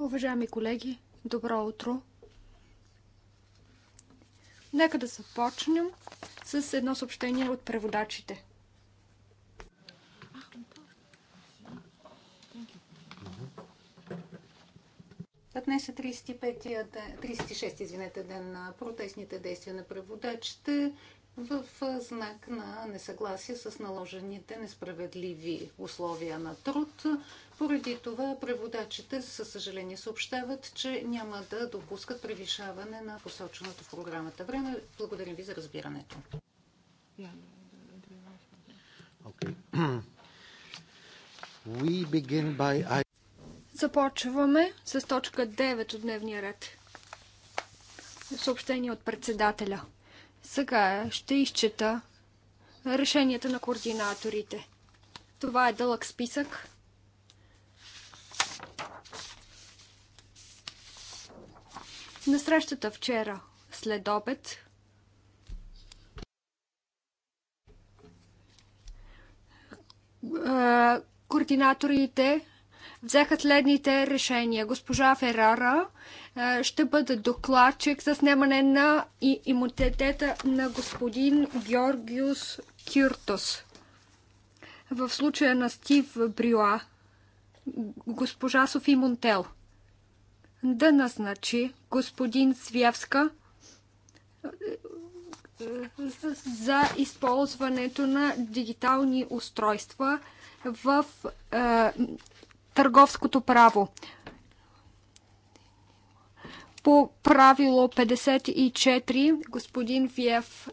Уважаеми колеги, добро утро! Нека да започнем с едно съобщение от преводачите. Днес е 35 36 извинете, ден на протестните действия на преводачите в знак на несъгласие с наложените несправедливи условия на труд. Поради това преводачите със съжаление съобщават, че няма да допускат превишаване на посоченото в програмата време. Благодаря ви за разбирането. Започваме с точка 9 от дневния ред. Съобщение от председателя. Сега ще изчета решенията на координаторите. Това е дълъг списък. На срещата вчера след обед координаторите взеха следните решения. Госпожа Ферара е, ще бъде докладчик за снимане на имунитета на господин Георгиус Киртос. В случая на Стив Брила, госпожа Софи Монтел да назначи господин Свявска за използването на дигитални устройства в е, търговското право по правило 54, господин Виев,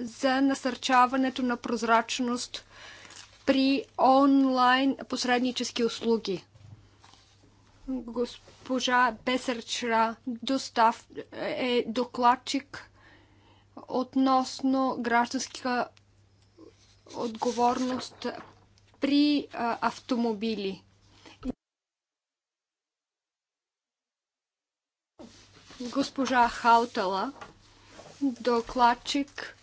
за насърчаването на прозрачност при онлайн посреднически услуги. Госпожа Бесерчра Достав е докладчик относно гражданска отговорност при автомобили. госпожа Хаутала, докладчик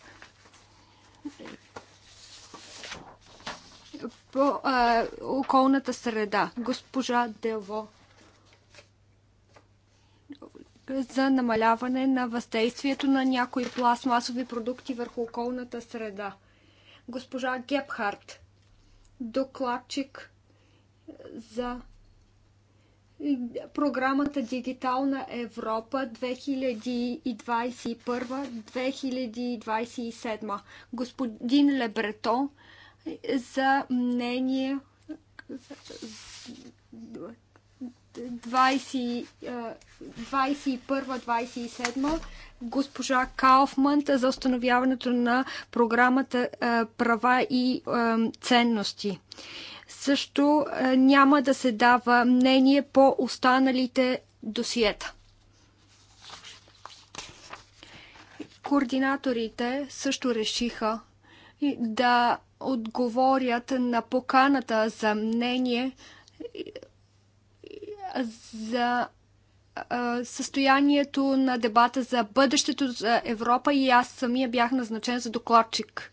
по а, околната среда, госпожа Дево, за намаляване на въздействието на някои пластмасови продукти върху околната среда. Госпожа Гепхарт, докладчик за програмата Дигитална Европа 2021-2027. Господин Лебрето за мнение 21-27 госпожа Кауфман за установяването на програмата Права и ценности също е, няма да се дава мнение по останалите досиета. Координаторите също решиха да отговорят на поканата за мнение е, за е, състоянието на дебата за бъдещето за Европа и аз самия бях назначен за докладчик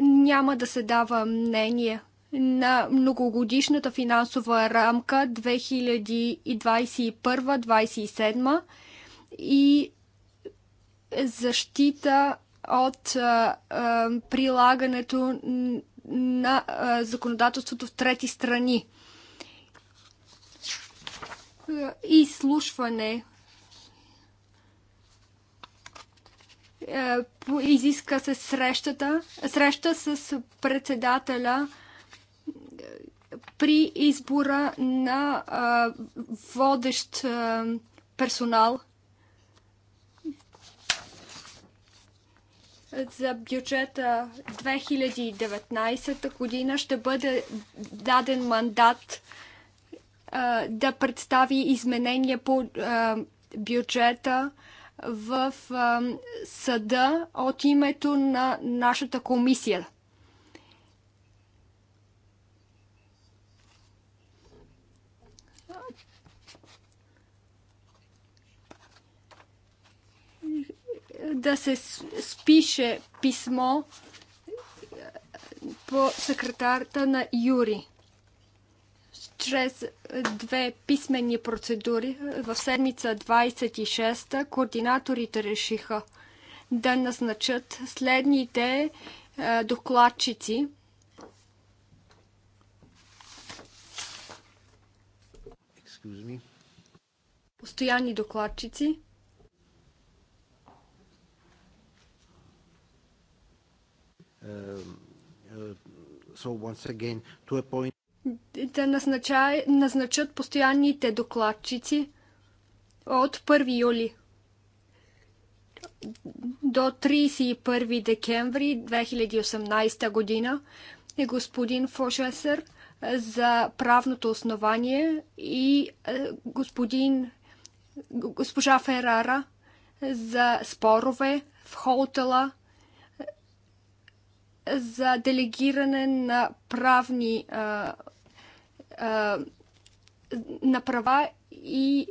няма да се дава мнение на многогодишната финансова рамка 2021-2027 и защита от а, а, прилагането на а, законодателството в трети страни. Изслушване Е, изиска се срещата, среща с председателя е, при избора на а, е, водещ а, персонал за бюджета 2019 година ще бъде даден мандат а, да представи изменения по а, бюджета а, в съда от името на нашата комисия. да се спише писмо по секретарта на Юри чрез е, две писмени процедури в седмица 26 координаторите решиха да назначат следните е, докладчици. Постоянни докладчици. Uh, uh, so once again, to appoint да назнача, назначат постоянните докладчици от 1 юли до 31 декември 2018 година е господин Фошесър за правното основание и господин, госпожа Ферара за спорове в хотела за делегиране на правни а, а, на права и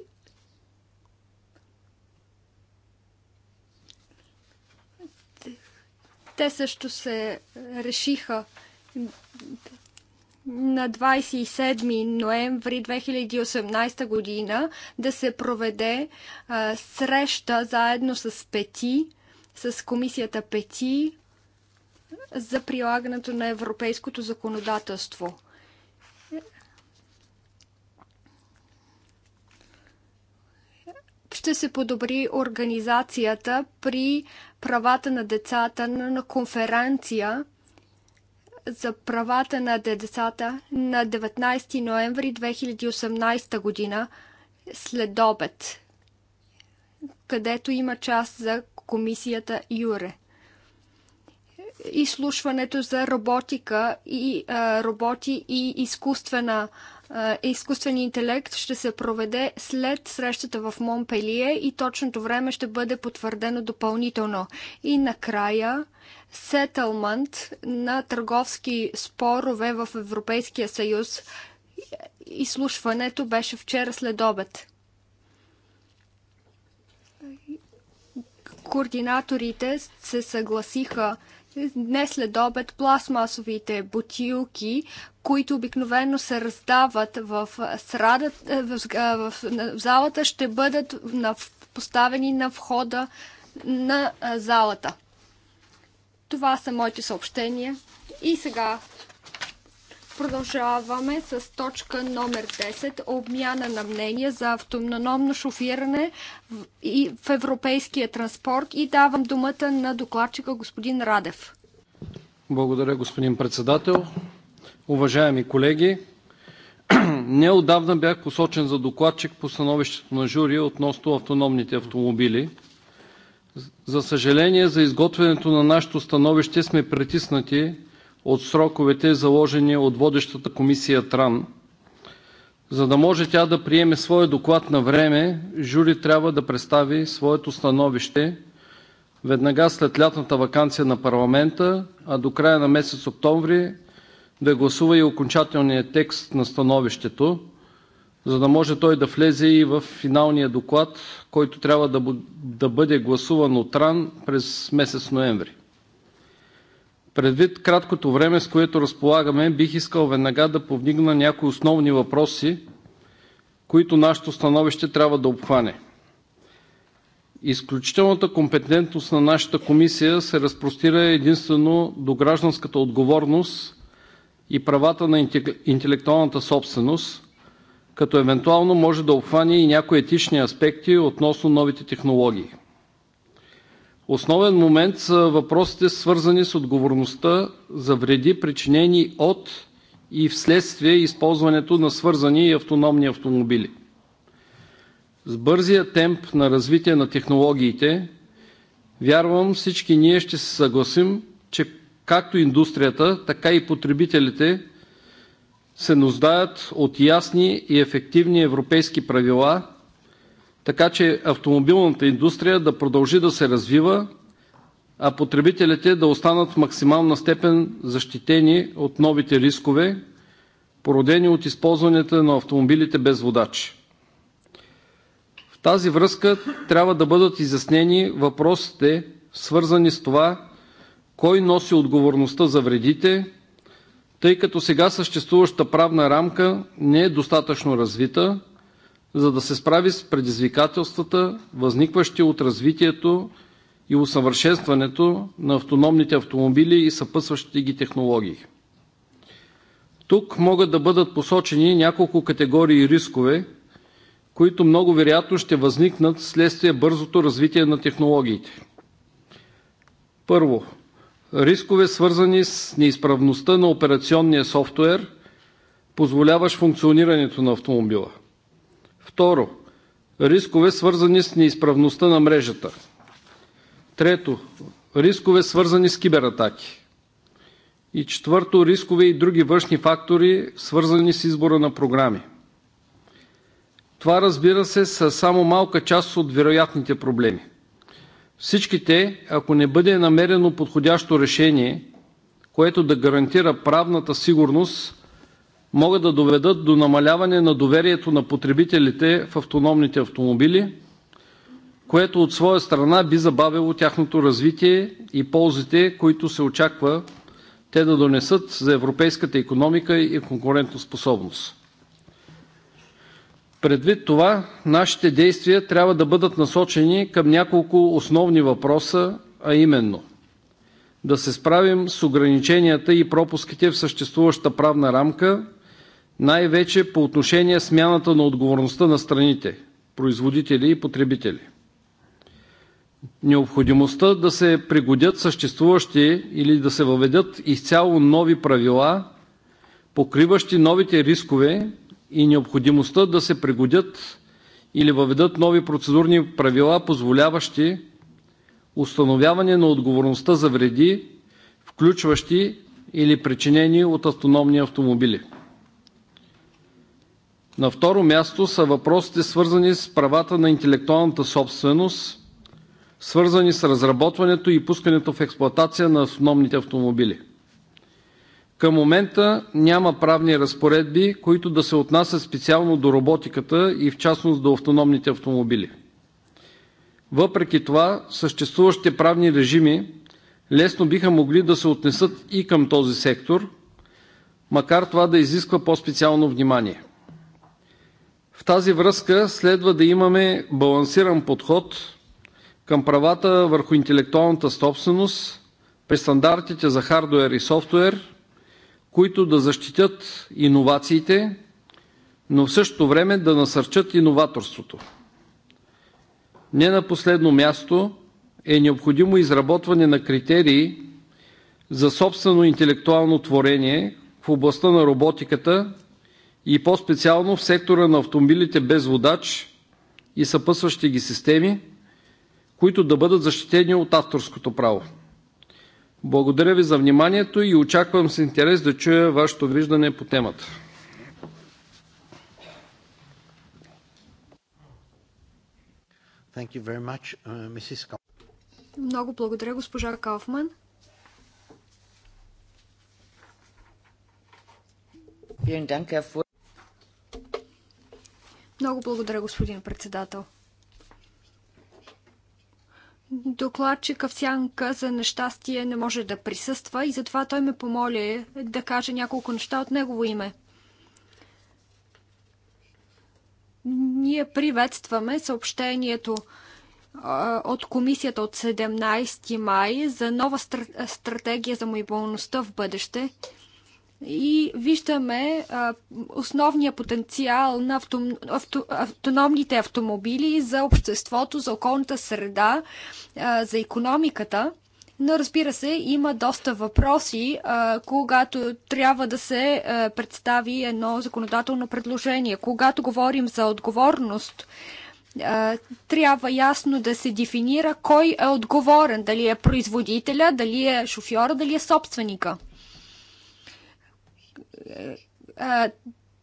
те също се решиха на 27 ноември 2018 година да се проведе а, среща заедно с Пети, с комисията Пети за прилагането на европейското законодателство. ще се подобри организацията при правата на децата на конференция за правата на децата на 19 ноември 2018 година след обед, където има част за комисията Юре. Изслушването за роботика и а, роботи и изкуствена изкуственият интелект ще се проведе след срещата в Монпелие и точното време ще бъде потвърдено допълнително. И накрая сетълмент на търговски спорове в Европейския съюз. Изслушването беше вчера след обед. Координаторите се съгласиха днес след обед пластмасовите бутилки, които обикновено се раздават в, срадът, е, в, е, в, в, в залата, ще бъдат на, поставени на входа на е, залата. Това са моите съобщения. И сега Продължаваме с точка номер 10 обмяна на мнения за автономно шофиране в европейския транспорт и давам думата на докладчика господин Радев. Благодаря, господин председател. Уважаеми колеги, неодавна бях посочен за докладчик по становището на жури относно автономните автомобили. За съжаление, за изготвянето на нашето становище сме притиснати от сроковете, заложени от водещата комисия ТРАН. За да може тя да приеме своя доклад на време, жури трябва да представи своето становище веднага след лятната ваканция на парламента, а до края на месец октомври да гласува и окончателният текст на становището, за да може той да влезе и в финалния доклад, който трябва да бъде гласуван от Ран през месец ноември. Предвид краткото време, с което разполагаме, бих искал веднага да повдигна някои основни въпроси, които нашето становище трябва да обхване. Изключителната компетентност на нашата комисия се разпростира единствено до гражданската отговорност и правата на интелектуалната собственост, като евентуално може да обхване и някои етични аспекти относно новите технологии. Основен момент са въпросите, свързани с отговорността за вреди, причинени от и вследствие използването на свързани и автономни автомобили. С бързия темп на развитие на технологиите вярвам всички ние ще се съгласим, че както индустрията, така и потребителите се нуждаят от ясни и ефективни европейски правила, така че автомобилната индустрия да продължи да се развива, а потребителите да останат в максимална степен защитени от новите рискове, породени от използването на автомобилите без водачи. В тази връзка трябва да бъдат изяснени въпросите, свързани с това кой носи отговорността за вредите, тъй като сега съществуващата правна рамка не е достатъчно развита за да се справи с предизвикателствата, възникващи от развитието и усъвършенстването на автономните автомобили и съпътстващите ги технологии. Тук могат да бъдат посочени няколко категории рискове, които много вероятно ще възникнат следствие бързото развитие на технологиите. Първо, рискове, свързани с неизправността на операционния софтуер, позволяващ функционирането на автомобила – Второ, рискове, свързани с неизправността на мрежата; Трето, рискове, свързани с кибератаки; И четвърто, рискове и други външни фактори, свързани с избора на програми. Това, разбира се, са само малка част от вероятните проблеми. Всички те, ако не бъде намерено подходящо решение, което да гарантира правната сигурност могат да доведат до намаляване на доверието на потребителите в автономните автомобили, което от своя страна би забавило тяхното развитие и ползите, които се очаква те да донесат за европейската економика и конкурентоспособност. Предвид това нашите действия трябва да бъдат насочени към няколко основни въпроса, а именно да се справим с ограниченията и пропуските в съществуващата правна рамка най-вече по отношение смяната на отговорността на страните – производители и потребители. Необходимостта да се пригодят съществуващи или да се въведат изцяло нови правила, покриващи новите рискове, и необходимостта да се пригодят или въведат нови процедурни правила, позволяващи установяване на отговорността за вреди, включващи или причинени от автономни автомобили. На второ място са въпросите, свързани с правата на интелектуалната собственост, свързани с разработването и пускането в експлоатация на автономните автомобили. Към момента няма правни разпоредби, които да се отнасят специално до роботиката и в частност до автономните автомобили. Въпреки това съществуващите правни режими лесно биха могли да се отнесат и към този сектор, макар това да изисква по-специално внимание. В тази връзка следва да имаме балансиран подход към правата върху интелектуалната собственост при стандартите за хардуер и софтуер, които да защитят иновациите, но в същото време да насърчат иноваторството. Не на последно място е необходимо изработване на критерии за собствено интелектуално творение в областта на роботиката и по-специално в сектора на автомобилите без водач и съпъсващи ги системи, които да бъдат защитени от авторското право. Благодаря Ви за вниманието и очаквам с интерес да чуя Вашето виждане по темата. Much, uh, Много благодаря, госпожа Кауфман. Много благодаря, господин председател. Докладчика в сянка за нещастие не може да присъства и затова той ме помоли да каже няколко неща от негово име. Ние приветстваме съобщението от комисията от 17 май за нова стратегия за мобилността в бъдеще – и виждаме а, основния потенциал на авто, авто, автономните автомобили за обществото, за околната среда, а, за економиката. Но разбира се, има доста въпроси, а, когато трябва да се а, представи едно законодателно предложение. Когато говорим за отговорност, а, трябва ясно да се дефинира кой е отговорен. Дали е производителя, дали е шофьора, дали е собственика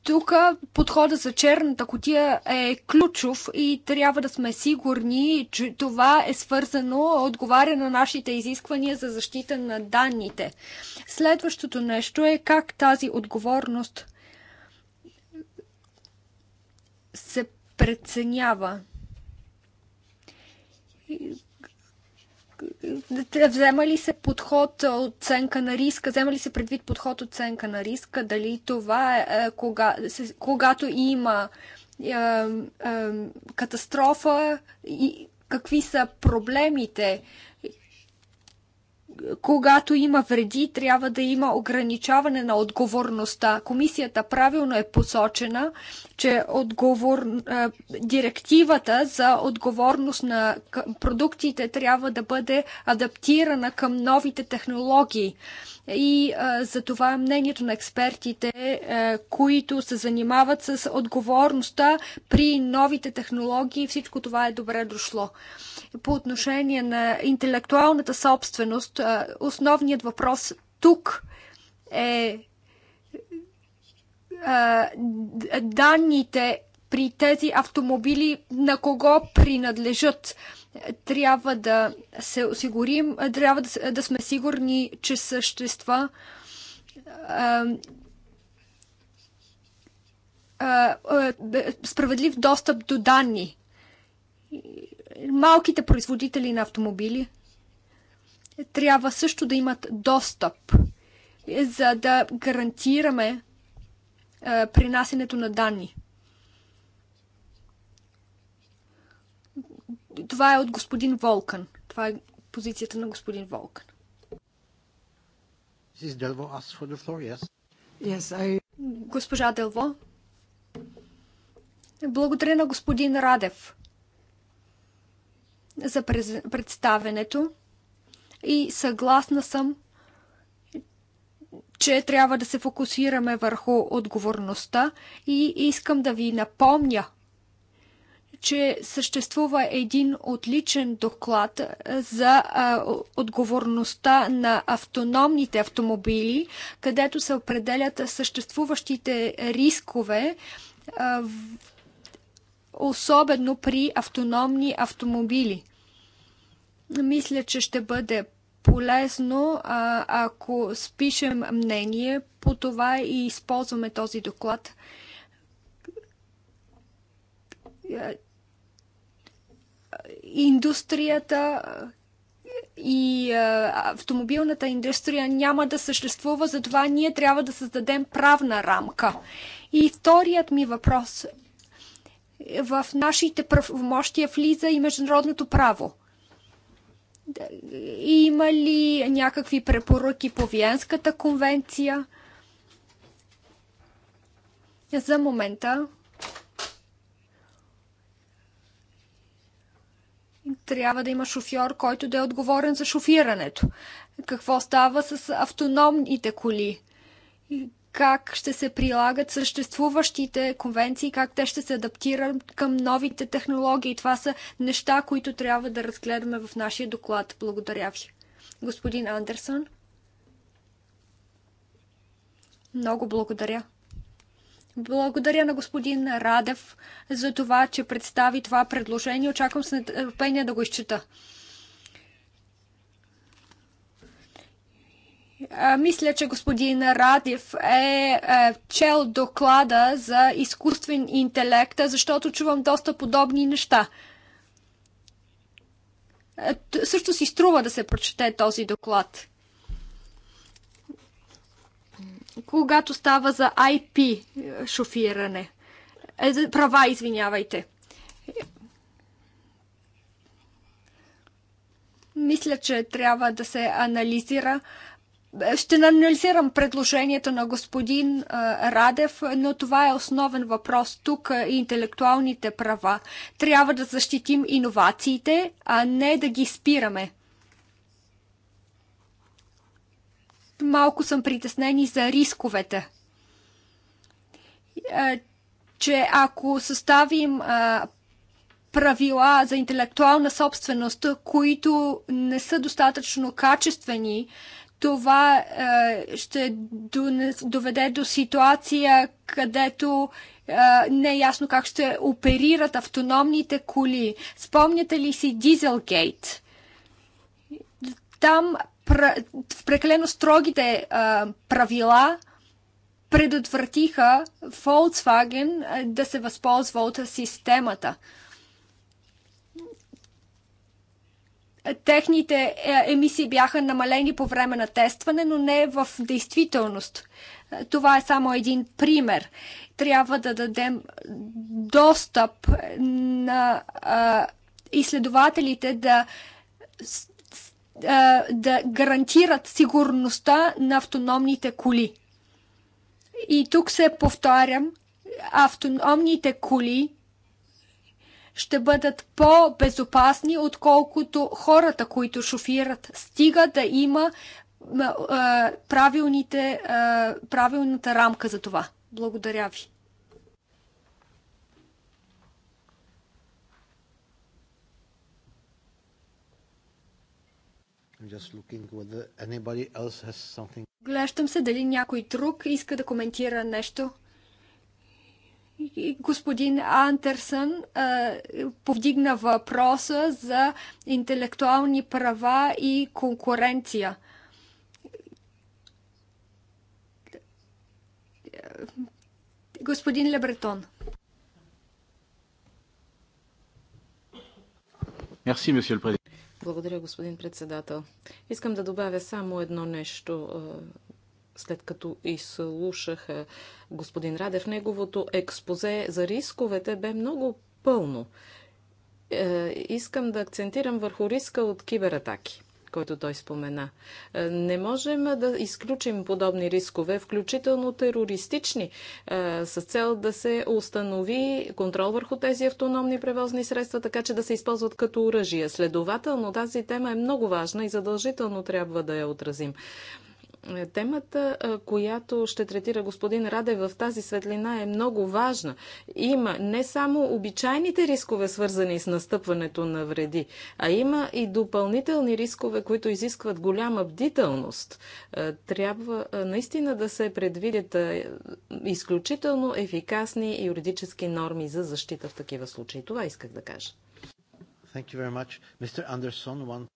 тук подхода за черната котия е ключов и трябва да сме сигурни, че това е свързано, отговаря на нашите изисквания за защита на данните. Следващото нещо е как тази отговорност се преценява взема ли се подход оценка на риска, взема ли се предвид подход оценка на риска, дали това е, е кога, когато има е, е, катастрофа и какви са проблемите когато има вреди, трябва да има ограничаване на отговорността. Комисията правилно е посочена, че отговор, е, директивата за отговорност на продуктите трябва да бъде адаптирана към новите технологии. И а, е, за това мнението на експертите, а, е, които се занимават с отговорността при новите технологии, всичко това е добре дошло. По отношение на интелектуалната собственост, основният въпрос тук е данните при тези автомобили на кого принадлежат. Трябва да се осигурим, трябва да, да сме сигурни, че същества справедлив достъп до данни. Малките производители на автомобили трябва също да имат достъп, е, за да гарантираме е, принасенето на данни. Това е от господин Волкан. Това е позицията на господин Волкан. Госпожа Делво. Благодаря на господин Радев за представенето и съгласна съм, че трябва да се фокусираме върху отговорността и искам да ви напомня, че съществува един отличен доклад за а, отговорността на автономните автомобили, където се определят съществуващите рискове, а, особено при автономни автомобили. Мисля, че ще бъде полезно, а, ако спишем мнение по това и използваме този доклад. Индустрията и а, автомобилната индустрия няма да съществува, затова ние трябва да създадем правна рамка. И вторият ми въпрос. В нашите правомощия влиза и международното право. Има ли някакви препоръки по Виенската конвенция? За момента трябва да има шофьор, който да е отговорен за шофирането. Какво става с автономните коли? как ще се прилагат съществуващите конвенции, как те ще се адаптират към новите технологии. Това са неща, които трябва да разгледаме в нашия доклад. Благодаря ви. Господин Андерсон. Много благодаря. Благодаря на господин Радев за това, че представи това предложение. Очаквам с нетърпение да го изчета. Мисля, че господин Радев е, е чел доклада за изкуствен интелект, защото чувам доста подобни неща. Също си струва да се прочете този доклад. Когато става за IP е, шофиране, е, права, извинявайте. Мисля, че трябва да се анализира ще анализирам предложението на господин Радев, но това е основен въпрос тук и интелектуалните права. Трябва да защитим иновациите, а не да ги спираме. Малко съм притеснени за рисковете. Че ако съставим правила за интелектуална собственост, които не са достатъчно качествени, това е, ще доведе до ситуация, където е, не е ясно как ще оперират автономните коли. Спомняте ли си Дизелгейт? Там в прекалено строгите е, правила предотвратиха Volkswagen е, да се възползва от системата. техните е, емисии бяха намалени по време на тестване, но не в действителност. Това е само един пример. Трябва да дадем достъп на изследователите да да гарантират сигурността на автономните коли. И тук се повтарям, автономните коли ще бъдат по-безопасни, отколкото хората, които шофират. Стига да има правилните, правилната рамка за това. Благодаря ви. Глеждам се дали някой друг иска да коментира нещо господин Антерсън повдигна въпроса за интелектуални права и конкуренция. Господин Лебретон. Благодаря, господин председател. Искам да добавя само едно нещо след като изслушах господин Радев, неговото експозе за рисковете бе много пълно. Е, искам да акцентирам върху риска от кибератаки който той спомена. Е, не можем да изключим подобни рискове, включително терористични, е, с цел да се установи контрол върху тези автономни превозни средства, така че да се използват като оръжие. Следователно, тази тема е много важна и задължително трябва да я отразим. Е, темата, е, която ще третира господин Раде в тази светлина е много важна. Има не само обичайните рискове, свързани с настъпването на вреди, а има и допълнителни рискове, които изискват голяма бдителност. Е, трябва наистина да се предвидят изключително ефикасни юридически норми за защита в такива случаи. Това исках да кажа. Thank you very much. Mr. Anderson, one...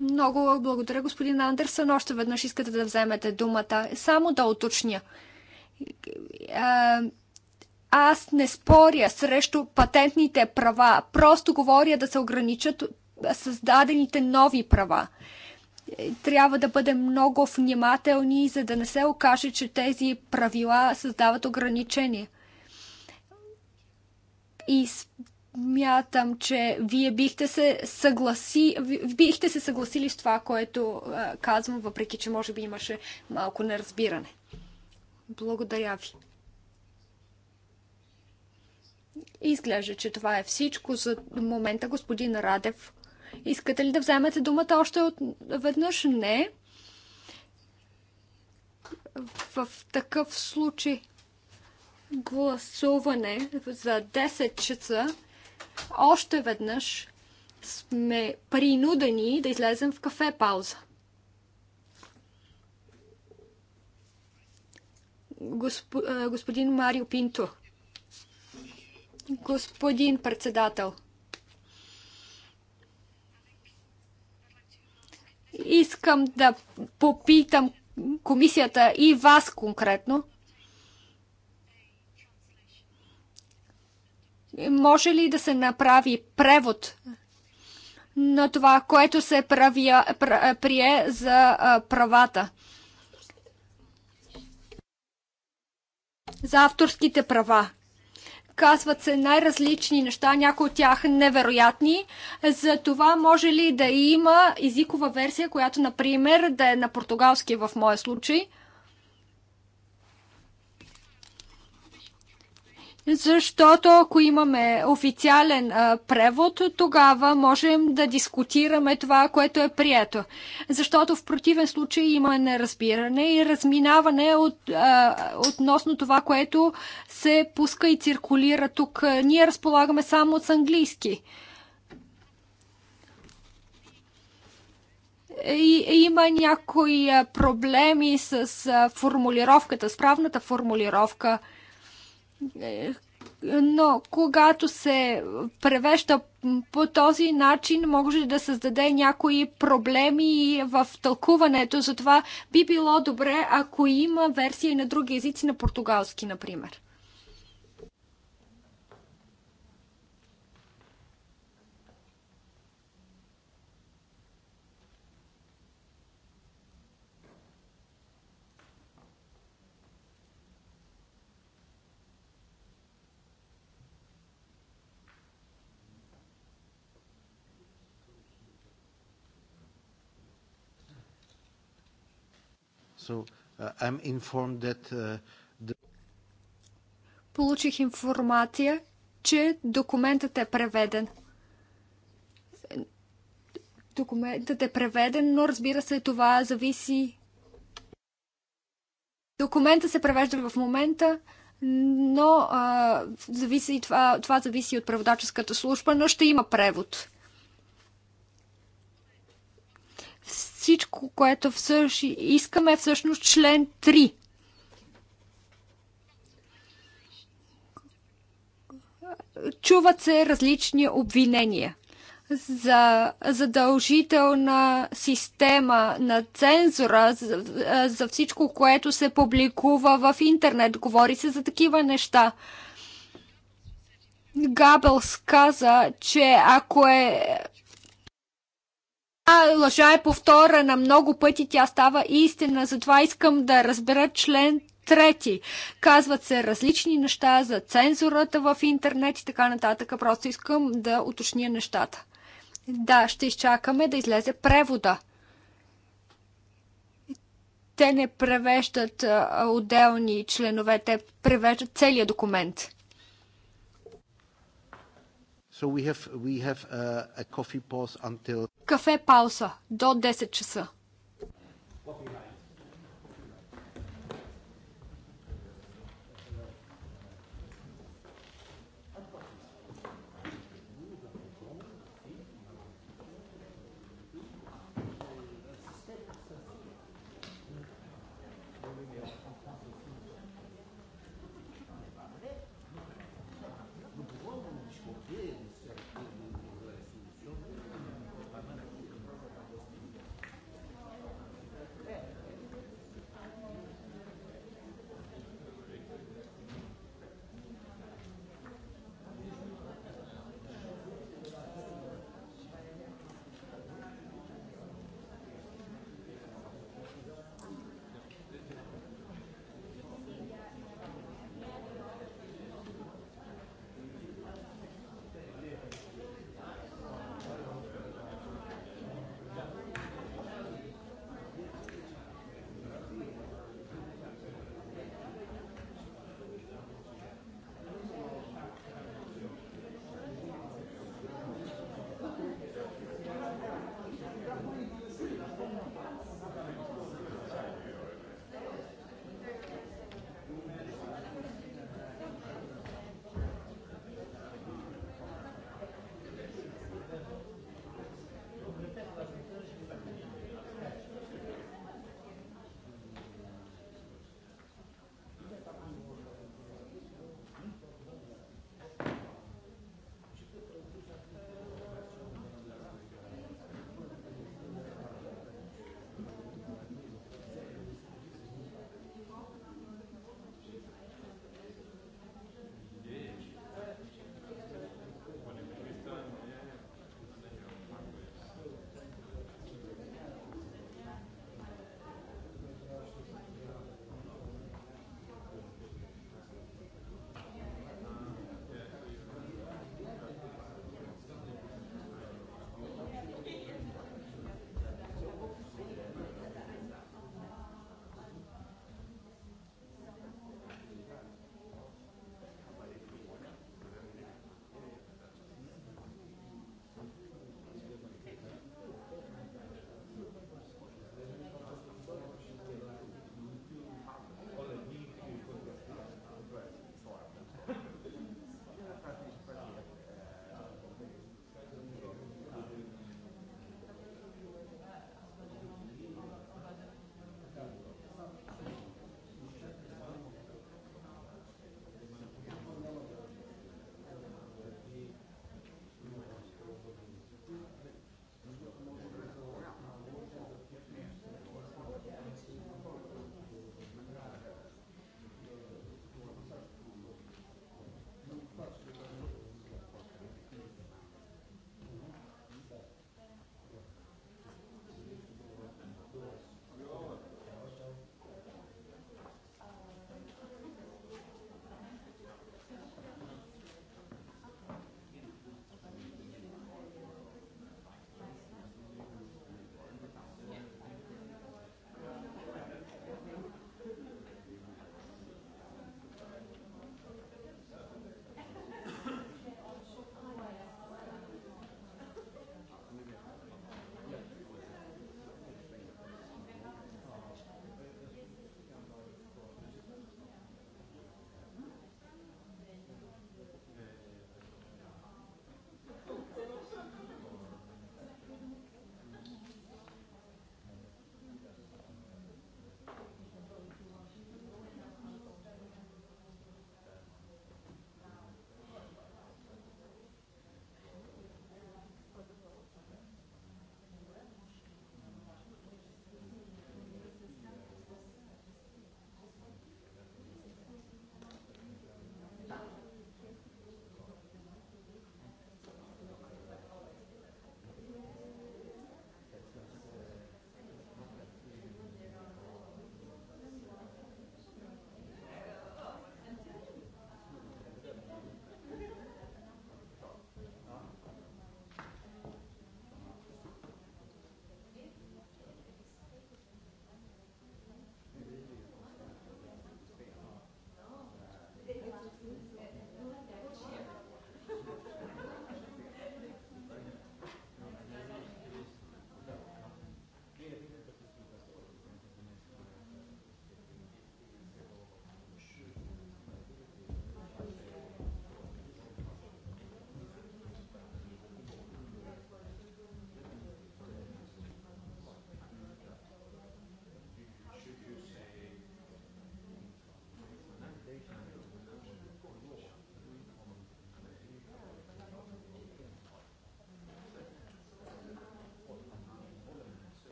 Много благодаря, господин Андерсън. Още веднъж искате да вземете думата. Само да уточня. Аз не споря срещу патентните права. Просто говоря да се ограничат създадените нови права. Трябва да бъдем много внимателни, за да не се окаже, че тези правила създават ограничения. И мятам, че вие бихте се, съгласи, бихте се съгласили с това, което а, казвам, въпреки че може би имаше малко неразбиране. Благодаря ви. Изглежда, че това е всичко за момента, господин Радев. Искате ли да вземете думата още от... веднъж? Не. В такъв случай гласуване за 10 часа още веднъж сме принудени да излезем в кафе пауза. Госп... Господин Марио Пинто. Господин председател. Искам да попитам комисията и вас конкретно. Може ли да се направи превод на това, което се правя, прие за правата? За авторските права. Казват се най-различни неща, някои от тях невероятни. За това може ли да има езикова версия, която, например, да е на португалски в моя случай – Защото ако имаме официален а, превод, тогава можем да дискутираме това, което е прието. Защото в противен случай има неразбиране и разминаване от, а, относно това, което се пуска и циркулира тук. Ние разполагаме само с английски. И, има някои проблеми с формулировката, с правната формулировка – е, но когато се превежда по този начин, може да създаде някои проблеми в тълкуването. Затова би било добре, ако има версия на други езици, на португалски, например. Uh, uh, Получих информация, че документът е преведен. Документът е преведен, но разбира се, това зависи. Документът се превежда в момента, но а, зависи, това, това зависи от преводаческата служба, но ще има превод. всичко, което всъщ... искаме всъщност член 3. Чуват се различни обвинения за задължителна система на цензура за, за всичко, което се публикува в интернет. Говори се за такива неща. Габелс каза, че ако е лъжа е повторена много пъти, тя става истина. Затова искам да разбера член трети. Казват се различни неща за цензурата в интернет и така нататък. Просто искам да уточня нещата. Да, ще изчакаме да излезе превода. Те не превеждат отделни членове, те превеждат целият документ. So we have, we have a, a coffee pause until... Кафе пауза до 10 часа. Coffee.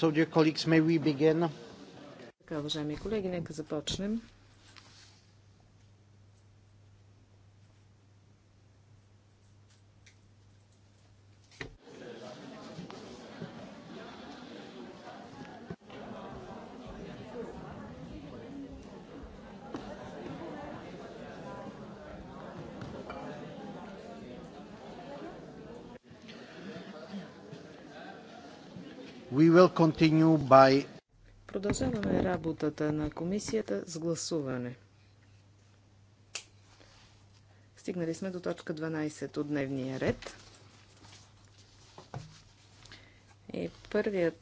So, dear colleagues, may we begin? Така, уважаеми колеги, нека започнем. by... Продължаваме работата на комисията с гласуване. Стигнали сме до точка 12 от дневния ред. И първият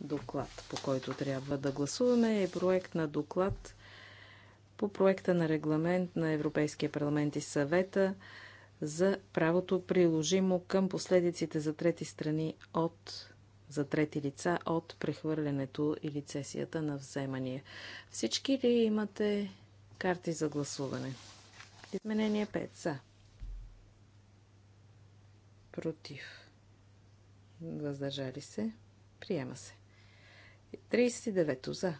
доклад, по който трябва да гласуваме, е проект на доклад по проекта на регламент на Европейския парламент и съвета за правото приложимо към последиците за трети страни от за трети лица от прехвърлянето или цесията на вземания. Всички ли имате карти за гласуване? Изменение 5 за. Против. Въздържали се. Приема се. 39 за.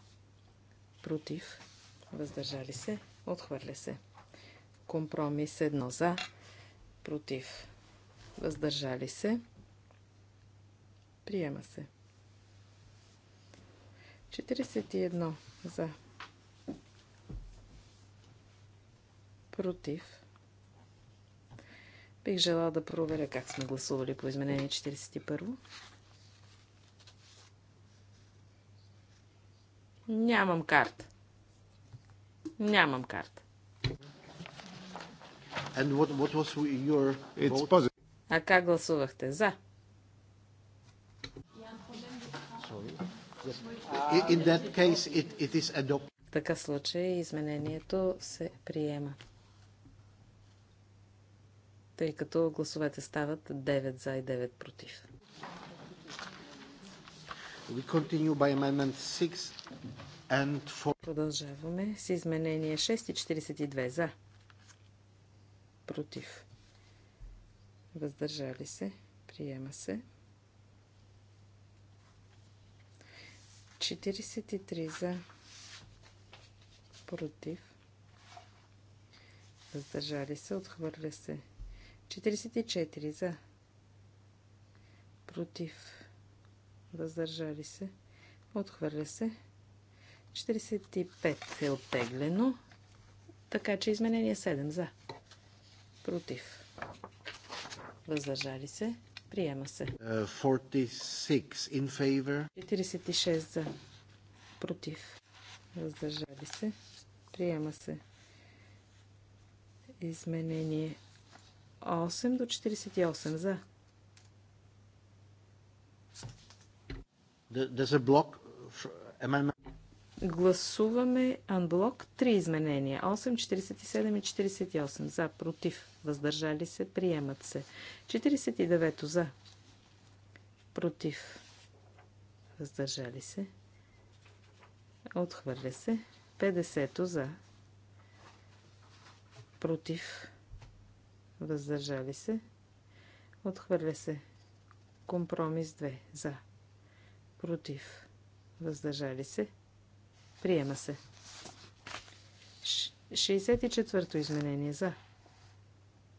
Против. Въздържали се. Отхвърля се. Компромис 1 за против, въздържали се, приема се. 41 за, против. Бих желала да проверя как сме гласували по изменение 41. Нямам карта. Нямам карта. And what, what was your It's vote? А как гласувахте? За. In that case, it, it is В такъв случай изменението се приема. Тъй като гласовете стават 9 за и 9 против. We continue by amendment 6 and 4. Продължаваме с изменение 6 и 42 за против. Въздържали се. Приема се. 43 за против. Въздържали се. Отхвърля се. 44 за против. Въздържали се. Отхвърля се. 45 е оттеглено. Така че изменение 7 за против. Въздържали се. Приема се. 46 uh, in favor. 46 за. Против. Въздържали се. Приема се. Изменение 8 до 48 за. There's a block amendment Гласуваме анблок три изменения. 8, 47 и 48. За, против, въздържали се, приемат се. 49 за, против, въздържали се, отхвърля се. 50 за, против, въздържали се, отхвърля се. Компромис 2 за, против, въздържали се, Приема се. 64-то изменение за.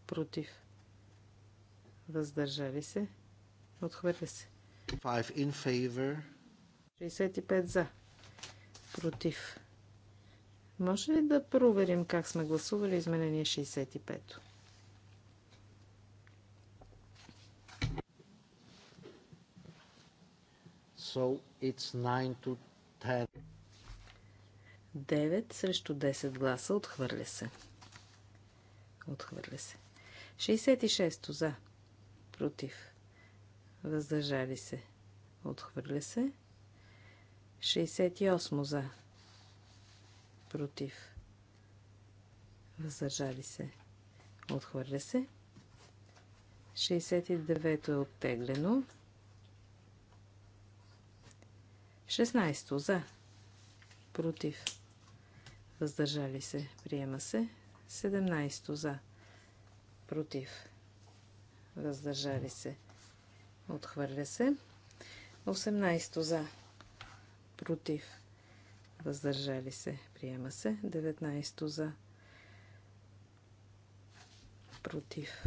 Против. Въздържали се. Отхвърля се. 5 in favor. 65 за. Против. Може ли да проверим как сме гласували изменение 65? то So it's 9 to 10. 9 срещу 10 гласа. Отхвърля се. Отхвърля се. 66 за. Против. Въздържали се. Отхвърля се. 68 за. Против. Въздържали се. Отхвърля се. 69 е оттеглено. 16 за. Против въздържали се, приема се. 17 за, против, въздържали се, отхвърля се. 18 за, против, въздържали се, приема се. 19 за, против,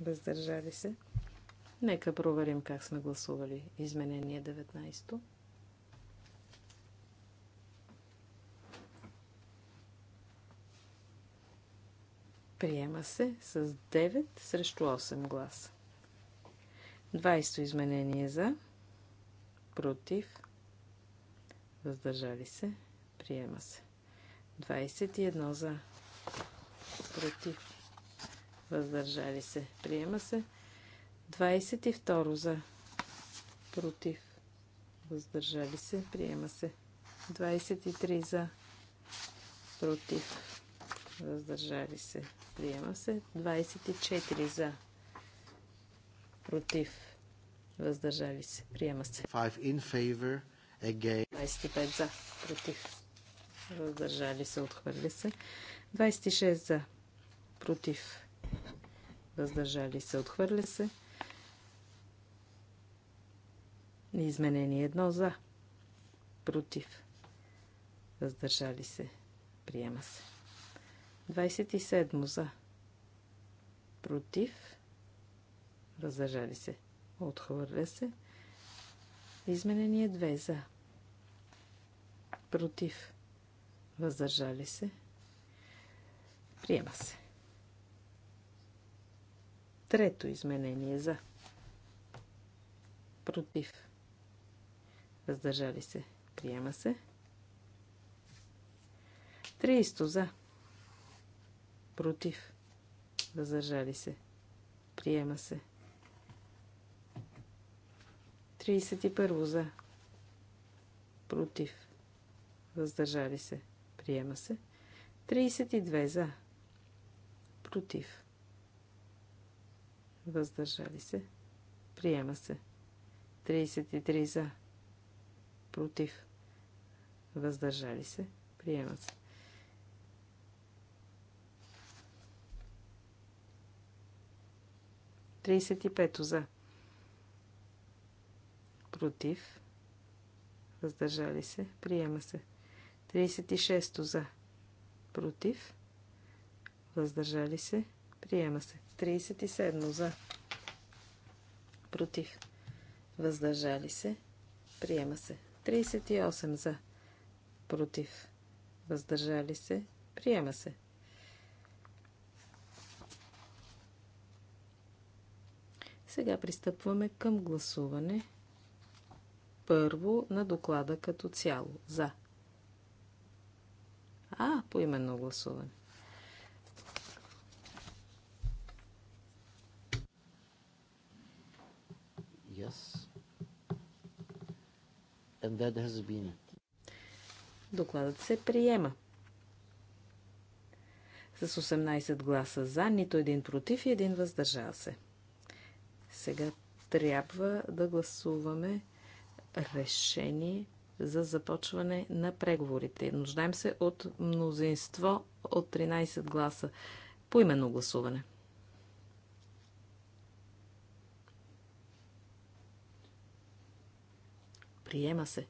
въздържали се. Нека проверим как сме гласували изменение 19. то Приема се с 9 срещу 8 гласа. 20 изменение за. Против. Въздържали се. Приема се. 21 за. Против. Въздържали се. Приема се. 22 за. Против. Въздържали се. Приема се. 23 за. Против. Въздържали се. Приема се. 24 за. Против. Въздържали се. Приема се. 5 in favor. Again. 25 за. Против. Въздържали се. Отхвърли се. 26 за. Против. Въздържали се. Отхвърли се. Изменение едно за. Против. Въздържали се. Приема се. 27 за. Против. Въздържали се. Отхвърля се. Изменение 2 за. Против. Въздържали се. Приема се. Трето изменение за. Против. Въздържали се. Приема се. 30 за. Против. Въздържали се. Приема се. 31 за. Против. Въздържали се. Приема се. 32 за. Против. Въздържали се. Приема се. 33 за. Против. Въздържали се. Приема се. 35 за. Против. Въздържали се. Приема се. 36 за. Против. Въздържали се. Приема се. 37 за. Против. Въздържали се. Приема се. 38 за. Против. Въздържали се. Приема се. Сега пристъпваме към гласуване. Първо на доклада като цяло. За. А, поименно гласуване. Yes. And that has been. Докладът се приема. С 18 гласа за, нито един против и един въздържал се. Сега трябва да гласуваме решение за започване на преговорите. Нуждаем се от мнозинство от 13 гласа по именно гласуване. Приема се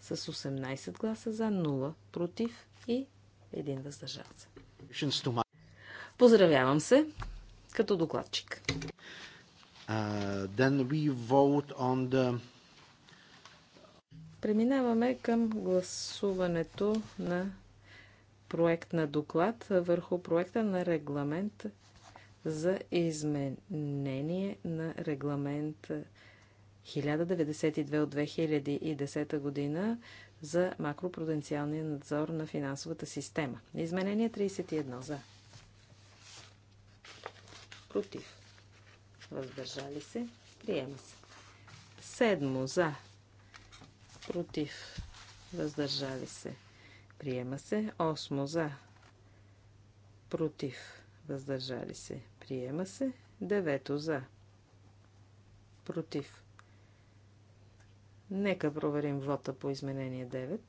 с 18 гласа за 0 против и един въздържал се. Поздравявам се! като докладчик. Преминаваме към гласуването на проект на доклад върху проекта на регламент за изменение на регламент 1092 от 2010 година за макропруденциалния надзор на финансовата система. Изменение 31 за против. Въздържали се, приема се. Седмо за, против, въздържали се, приема се. Осмо за, против, въздържали се, приема се. Девето за, против. Нека проверим вота по изменение 9.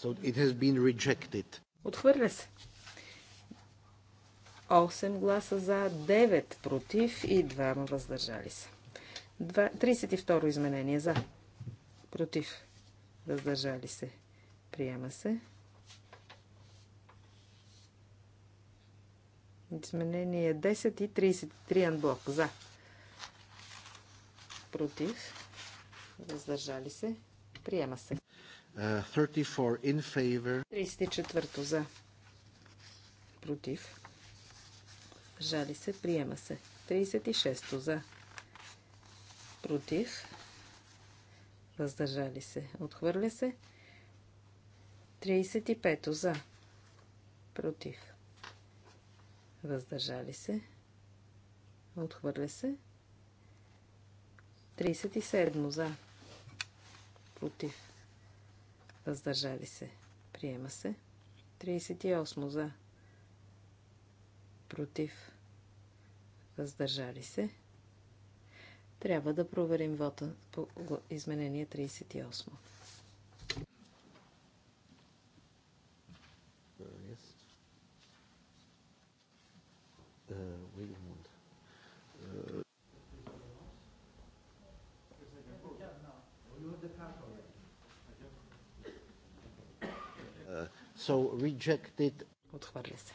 So it has been rejected. Отхвърля се. 8 гласа за, 9 против и 2 въздържали се. 32 изменение за. Против. Въздържали се. Приема се. Изменение 10 и 33 анблок. За. Против. Въздържали се. Приема се. 34 uh, in favor. 34 за. Против. Жали се. Приема се. 36 за. Против. Въздържали се. Отхвърля се. 35 за. Против. Въздържали се. Отхвърля се. 37 за. Против въздържали се, приема се. 38 за, против, въздържали се. Трябва да проверим вота по изменение 38. Uh, uh, wait a So rejected. Отхвърля се.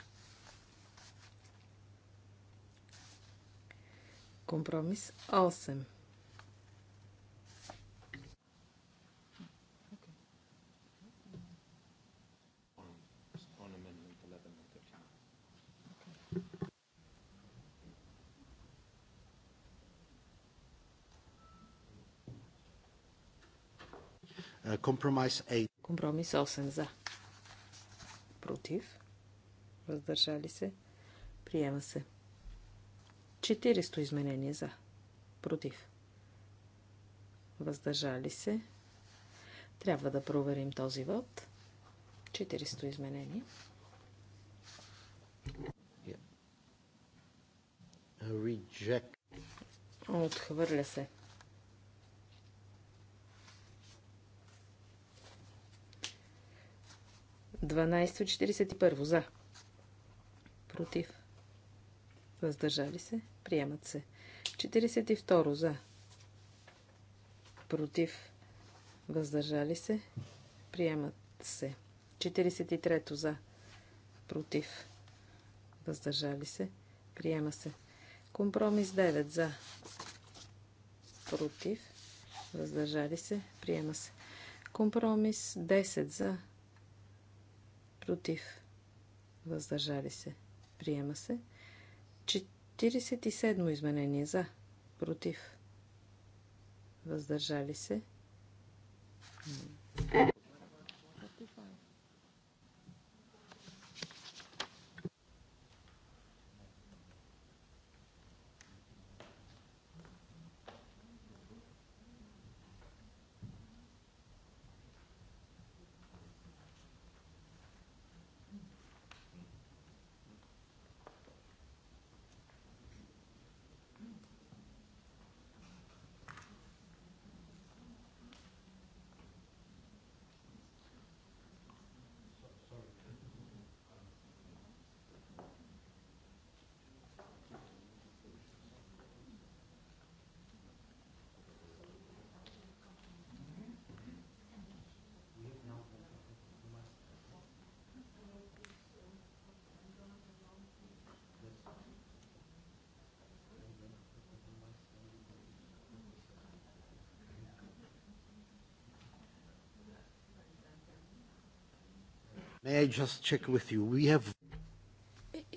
Компромис 8. Uh, Компромис 8. Компромис 8 за против, въздържали се, приема се. 400 изменения за, против, въздържали се. Трябва да проверим този вод. 400 изменения. Reject. Отхвърля се. 12.41 за. Против. Въздържали се. Приемат се. 42 за. Против. Въздържали се. Приемат се. 43 за. Против. Въздържали се. Приема се. Компромис 9 за. Против. Въздържали се. Приема се. Компромис 10 за против, въздържали се, приема се. 47 изменение за, против, въздържали се.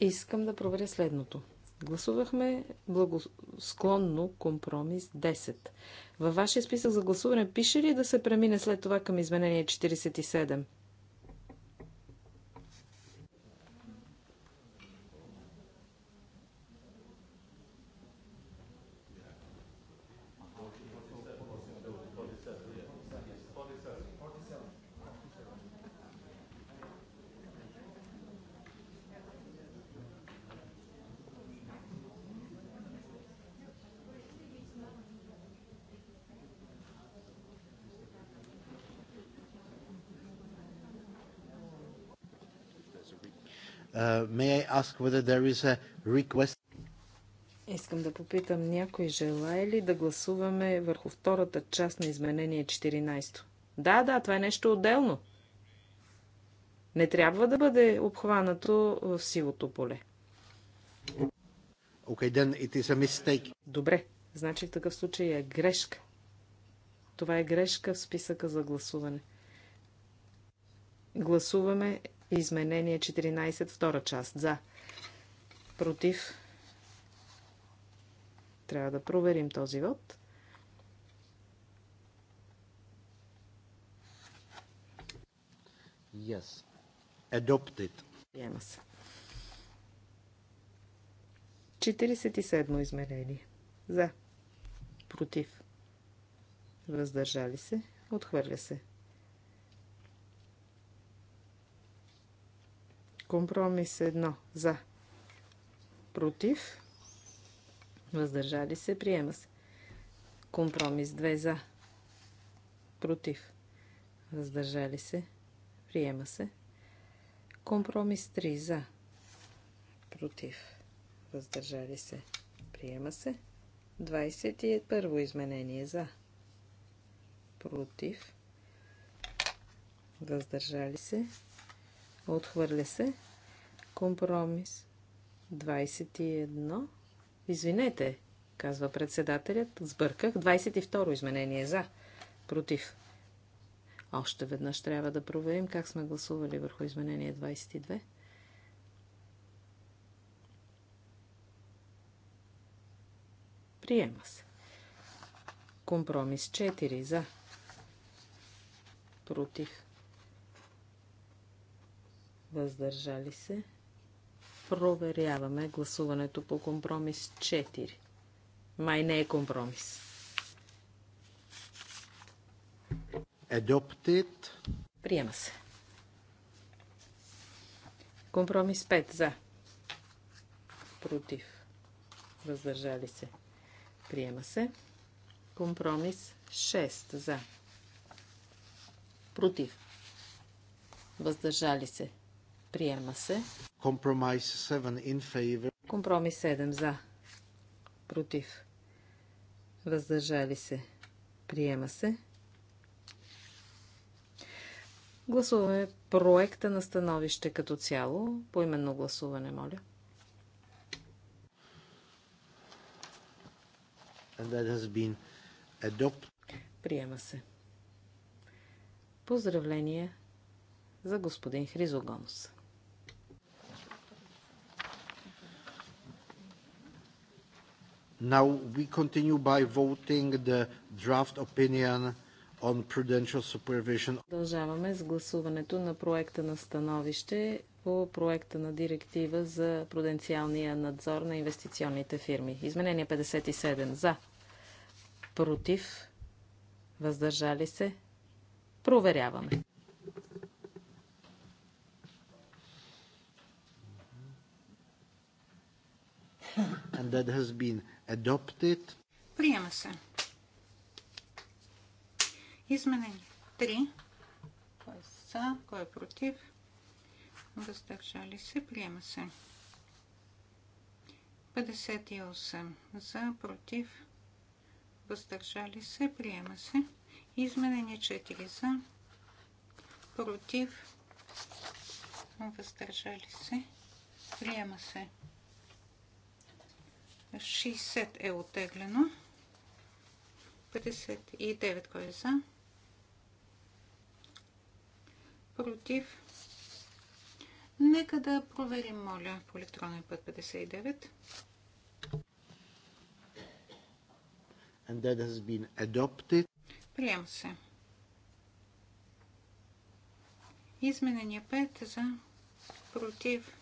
Искам да проверя следното. Гласувахме благосклонно компромис 10. Във вашия списък за гласуване пише ли да се премине след това към изменение 47? may I ask whether there is a request? Искам да попитам някой желая ли да гласуваме върху втората част на изменение 14. Да, да, това е нещо отделно. Не трябва да бъде обхванато в сивото поле. Okay, then it is a mistake. Добре, значи в такъв случай е грешка. Това е грешка в списъка за гласуване. Гласуваме Изменение 14, втора част. За. Против. Трябва да проверим този вод. Yes. Adopted. Приема се. 47 измерение. За. Против. Въздържали се. Отхвърля се. Компромис 1 за. Против. Въздържали се. Приема се. Компромис 2 за. Против. Въздържали се. Приема се. Компромис 3 за. Против. Въздържали се. Приема се. 21 изменение за. Против. Въздържали се. Отхвърля се. Компромис 21. Извинете, казва председателят. Сбърках. 22 изменение за. Против. Още веднъж трябва да проверим как сме гласували върху изменение 22. Приема се. Компромис 4 за. Против въздържали се. Проверяваме гласуването по компромис 4. Май не е компромис. Adopted. Приема се. Компромис 5 за. Против. Въздържали се. Приема се. Компромис 6 за. Против. Въздържали се. Приема се. Компромис 7 за. Против. Въздържали се. Приема се. Гласуваме проекта на становище като цяло. По именно гласуване, моля. And that has been adopted. Приема се. Поздравления за господин Хризогонос. Now we continue by voting the draft opinion on prudential supervision. Продължаваме с гласуването на проекта на становище по проекта на директива за пруденциалния надзор на инвестиционните фирми. Изменение 57 за, против, въздържали се, проверяваме. And that has been Adopted. Приема се. Изменени 3. Кой е кой е против? Въздържали се. Приема се. 58 за, против, въздържали се, приема се. Изменение 4 за, против, въздържали се, приема се. 60 е оттеглено. 59 кой е за? Против. Нека да проверим, моля, по електронен път 59. And that has been adopted. Прием се. Изменение 5 за против.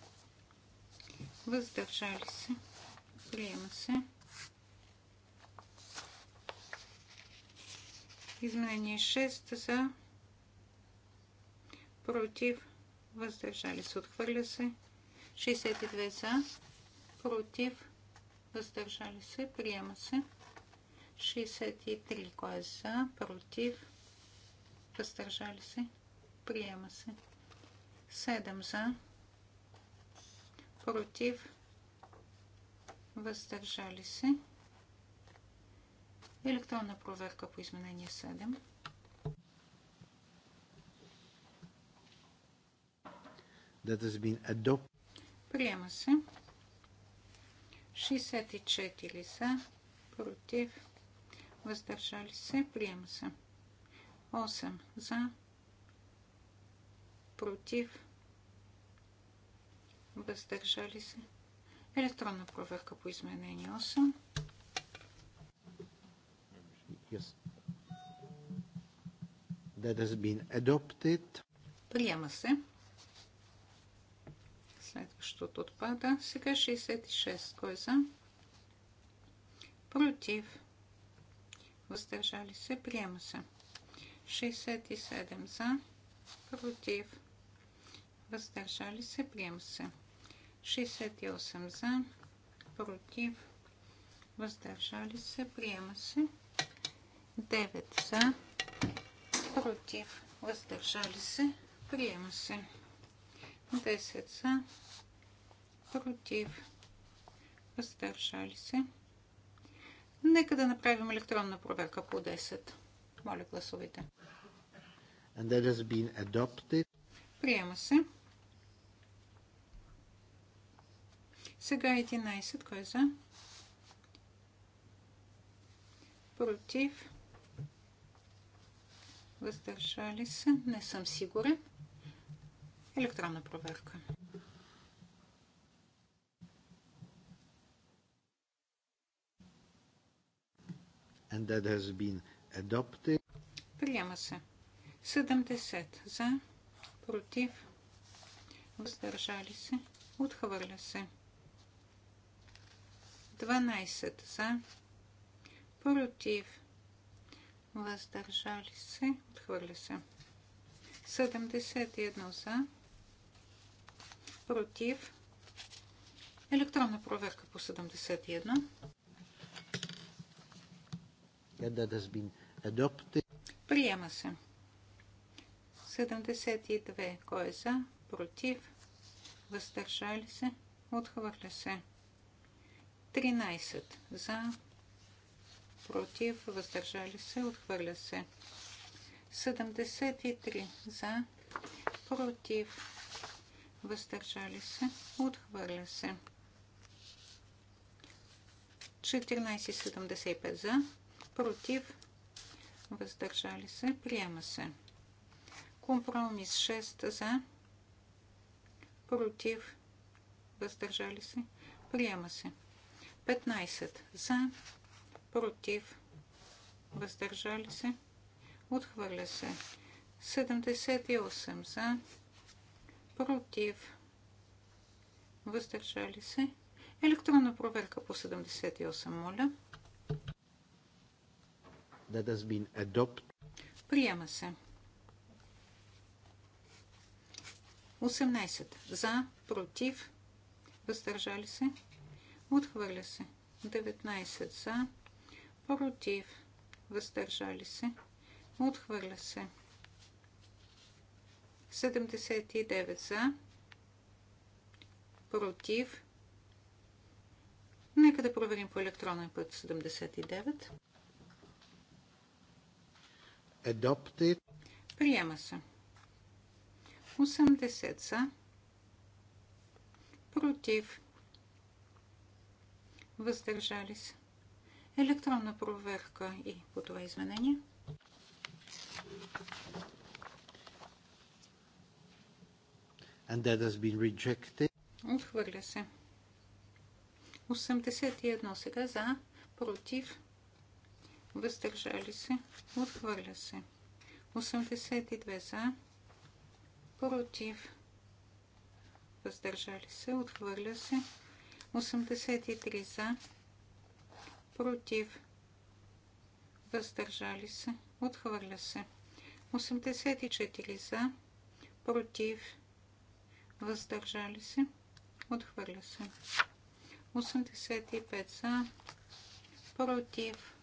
Въздържали се. Приема се. Изменение 6 за против, въздържали се, отхвърля се. 62 за против, въздържали се, приема се. 63 кой е за, против, въздържали се, приема се. 7 за, против, въздържали се. Електронна проверка по изменение 7. That has been adopted. Приема се. 64 за, против, въздържали се, приема се. 8 за, против, въздържали се, Електронна проверка по изменение 8. That has been adopted. Приема се. Следващото отпада. Сега 66. Кой е за? Против. Въздържали се. Приема се. 67 за. Против. Въздържали се. Приема се. 68 за, против, въздържали се, приема се. 9 за, против, въздържали се, приема се. 10 за, против, въздържали се. Нека да направим електронна проверка по 10. Моля, And that has been adopted. Приема се. Сега 11. Кой е за? Против. Въздържали се. Не съм сигурен. Електронна проверка. And that has been adopted. Приема се. 70 за, против, въздържали се, отхвърля се. 12 за, против, въздържали се, отхвърля се. 71 за, против, електронна проверка по 71. Приема се. 72. Кой е за? Против? Въздържали се? Отхвърля се. 13 за, против, въздържали се, отхвърля се. 73 за, против, въздържали се, отхвърля се. 14,75 за, против, въздържали се, приема се. Компромис 6 за, против, въздържали се, приема се. 15 за, против, въздържали се, отхвърля се. 78 за, против, въздържали се. Електронна проверка по 78, моля. That has been adopted. Приема се. 18 за, против, въздържали се. Отхвърля се. 19 за. Против. Въздържали се. Отхвърля се. 79 за. Против. Нека да проверим по електронен път 79. Adopted. Приема се. 80 за. Против въздържали се. Електронна проверка и по това изменение. And that has been rejected. Отхвърля се. 81 сега за, против, въздържали се, отхвърля се. 82 за, против, въздържали се, отхвърля се. 83 за, против, въздържали се, отхвърля се. 84 за, против, въздържали се, отхвърля се. 85 за, против,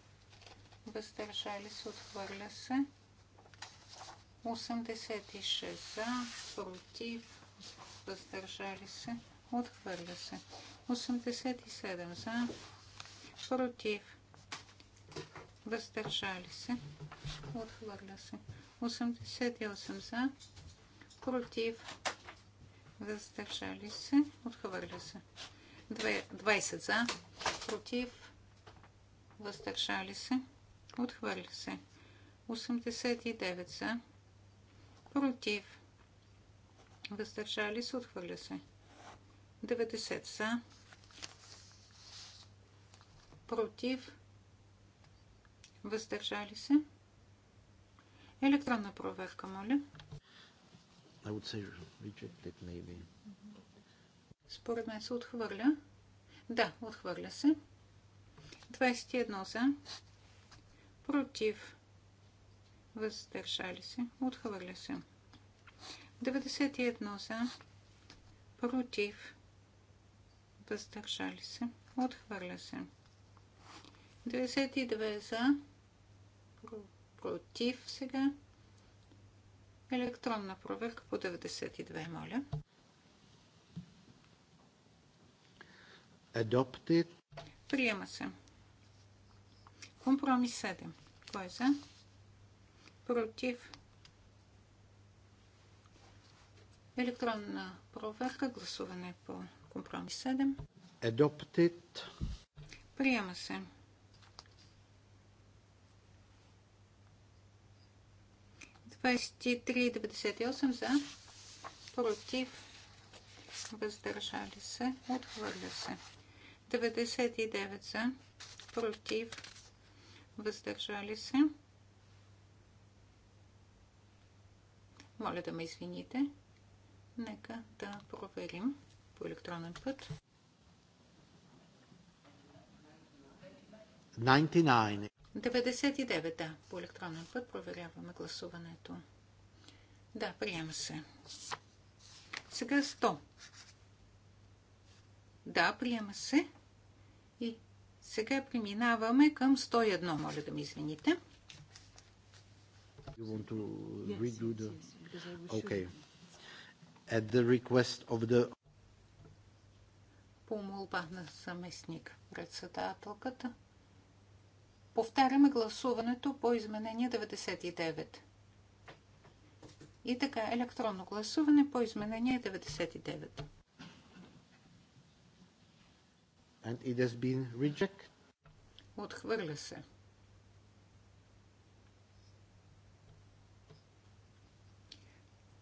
въздържали се, отхвърля се. 86 за, против, въздържали се, отхвърля се. 87 за, против, въздържали се, отхвърля се. 88 за, против, въздържали се, отхвърля се. 20 за, против, въздържали се, отхвърля се. 89 за, против, въздържали се, отхвърля се. 90 за, против, въздържали се. Електронна проверка, моля. I would say rejected maybe. Според мен се отхвърля. Да, отхвърля се. 21 за. Против. Въздържали се. Отхвърля се. 91 за. Против въздържали се, отхвърля се. 92 за, против сега. Електронна проверка по 92, моля. Adopted. Приема се. Компромис 7. Кой е за? Против. Електронна проверка, гласуване по Компромис 7. Adopted. Приема се. Двадесет три за против въздържали се, отхвърля се. 99 за, против, въздържали се. Моля да ме извините. Нека да проверим по електронен път. 99. да, по електронен път проверяваме гласуването. Да, приема се. Сега 100. Да, приема се. И сега преминаваме към 101, моля да ми извините. You want to redo the... Okay. At the request of the по молба на заместник председателката. Повтаряме гласуването по изменение 99. И така, електронно гласуване по изменение 99. And it has been rejected. Отхвърля се.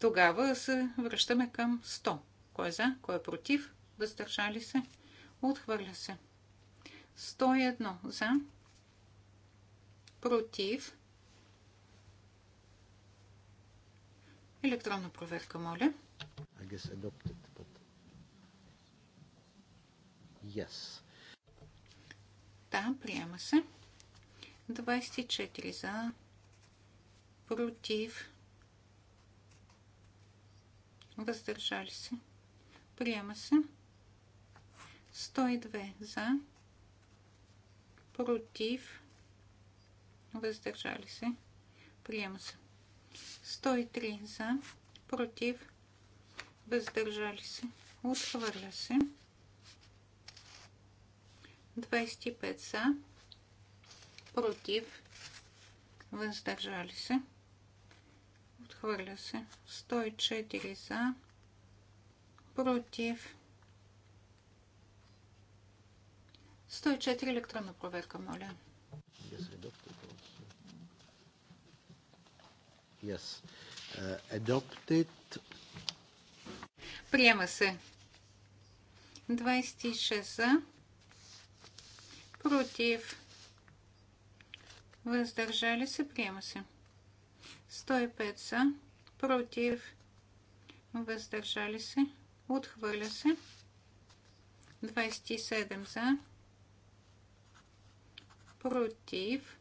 Тогава се връщаме към 100. Кой е за, кой е против, въздържали се, отхвърля се. 101 за, против, електронна проверка, моля. I guess adopted, but... Yes. Да, приема се. 24 за, против, въздържали се. Приема се. 102 за, против, въздържали се, приема се. 103 за, против, въздържали се, отхвърля се. 25 за, против, въздържали се, отхвърля се. 104 за, против, 104 електронна проверка, моля. Yes. Uh, Приема се. 26 за. Против. Въздържали се. Приема се. 105 за. Против. Въздържали се. Отхвърля се. 27 за против,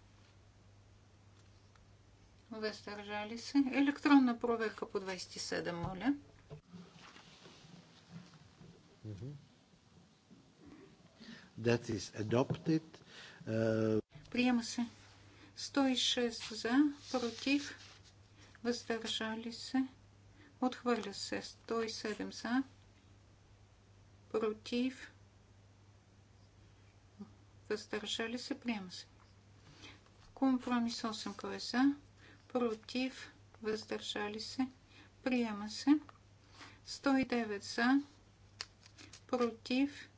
въздържали се. Електронна проверка по 27, моля. That is adopted. Uh, Приема се. 106 за, против, въздържали се. Отхвърля се 107 за, против, въздържали се, приема се. Компромис 8, кой е за, против, въздържали се, приема се. 109 за, против,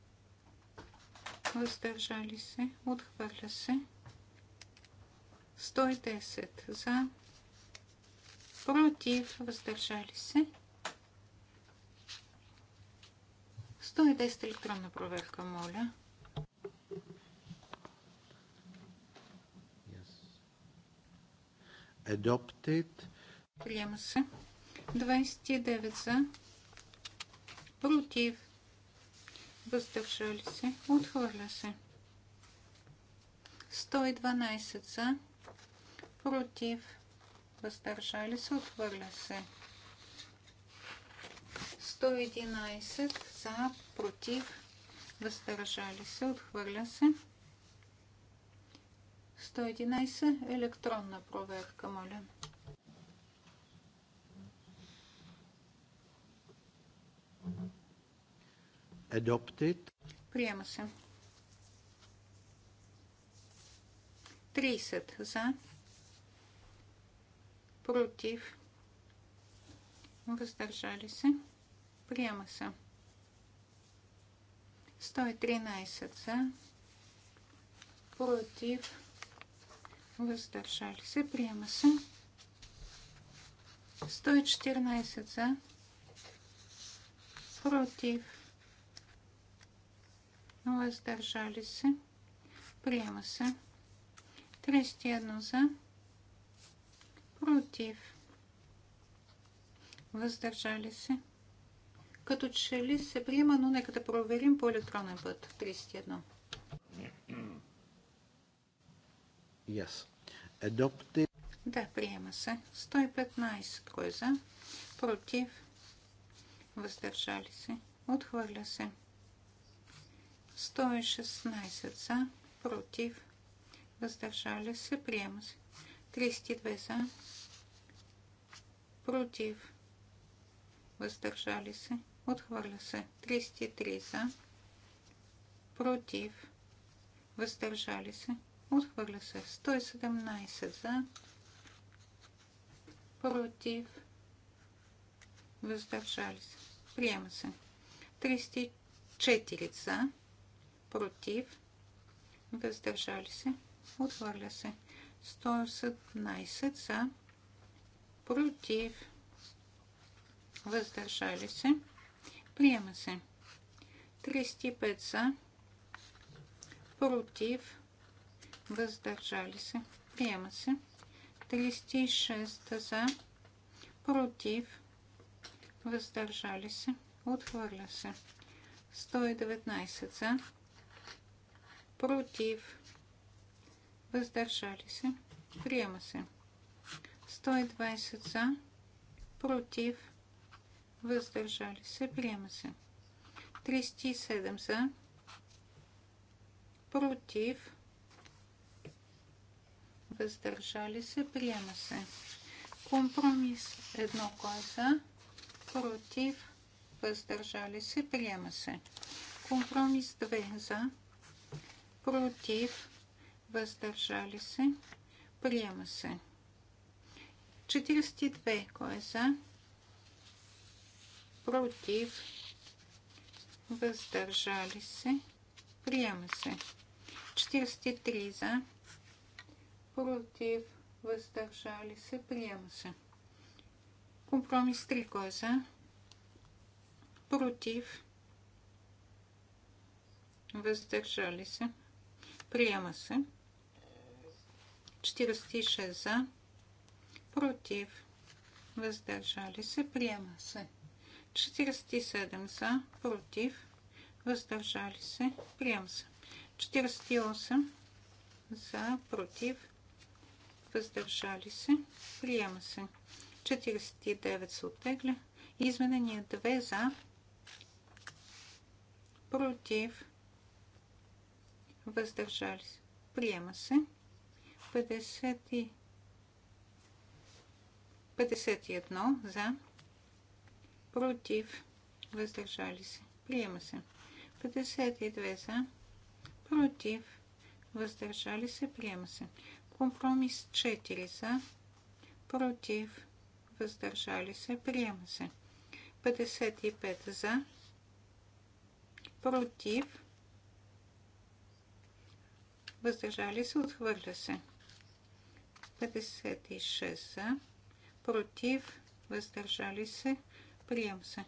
въздържали се, отхвърля се. 110 за, против, въздържали се. 110 електронна проверка, моля. Adopted. Приема се. 29 за. Против. Въздържали се. Отхвърля се. 112 за. Против. Въздържали се. Отхвърля се. 111 за. Против. Въздържали се. Отхвърля се. 111. Електронна проверка, моля. Adopted. Приема се. 30 за. Против. Въздържали се. Приема се. 113 за. Против въздържали се, приема се. 114 за, против, въздържали се, приема се. 31 за, против, въздържали се. Като че ли се приема, но нека да проверим по електронен път. 31. Yes. Adopted. Да, приема се. 115. Кой е за? Против. Въздържали се. Отхвърля се. 116 за. Против. Въздържали се. Приема се. 32 за. Против. Въздържали се. Отхвърля се. 33 за. Против. Въздържали се. Отхвърля се. 117 за. Против. Въздържали се. Приема се. 34 за. Против. Въздържали се. Отхвърля се. 118 за. Против. Въздържали се. Приема се. 35 за. Против въздържали се, приема се. 36 за, против, въздържали се, отхвърля се. 119 за, против, въздържали се, приема се. 120 за, против, въздържали се, приема се. 37 за, против, въздържали се, приема се. Компромис едно коза. Е за, против, въздържали се, приема се. Компромис 2 за, против, въздържали се, приема се. 42 кой е за, против, въздържали се, приема се. 43 за, против, въздържали се, приема се. Компромис 3, кой е за? Против, въздържали се, приема се. 46 за, против, въздържали се, приема се. 47 за, против, въздържали се, приема се. 48 за, против, въздържали се, приема се. 49 се оттегля. Изменение 2 за, против, въздържали се, приема се. 50 и 51 за, против, въздържали се, приема се. 52 за, против, въздържали се, приема се. Компромис 4 за, против, въздържали се, приема се. 55 за, против, въздържали се, отхвърля се. 56 за, против, въздържали се, приема се.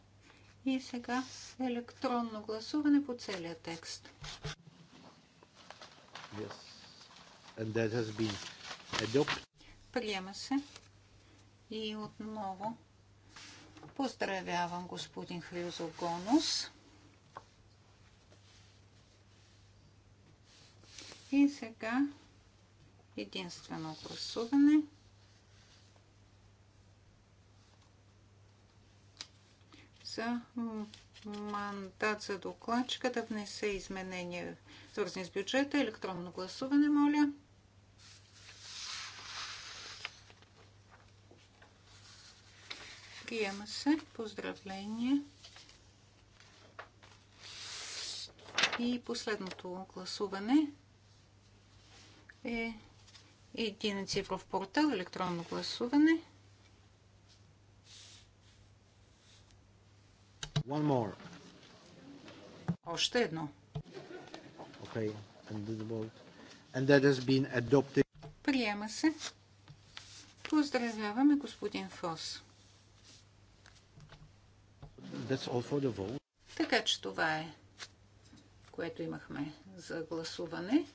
И сега електронно гласуване по целия текст. Yes. Приема се. И отново поздравявам господин Хрюзо Гонус. И сега единствено гласуване. За мандат за докладчика да внесе изменения свързани с бюджета. Електронно гласуване, моля. Приема се. Поздравление. И последното гласуване е един цифров портал, електронно гласуване. One more. Още едно. Okay. And And that has been adopted. Приема се. Поздравяваме господин Фос. Така че това е, което имахме за гласуване.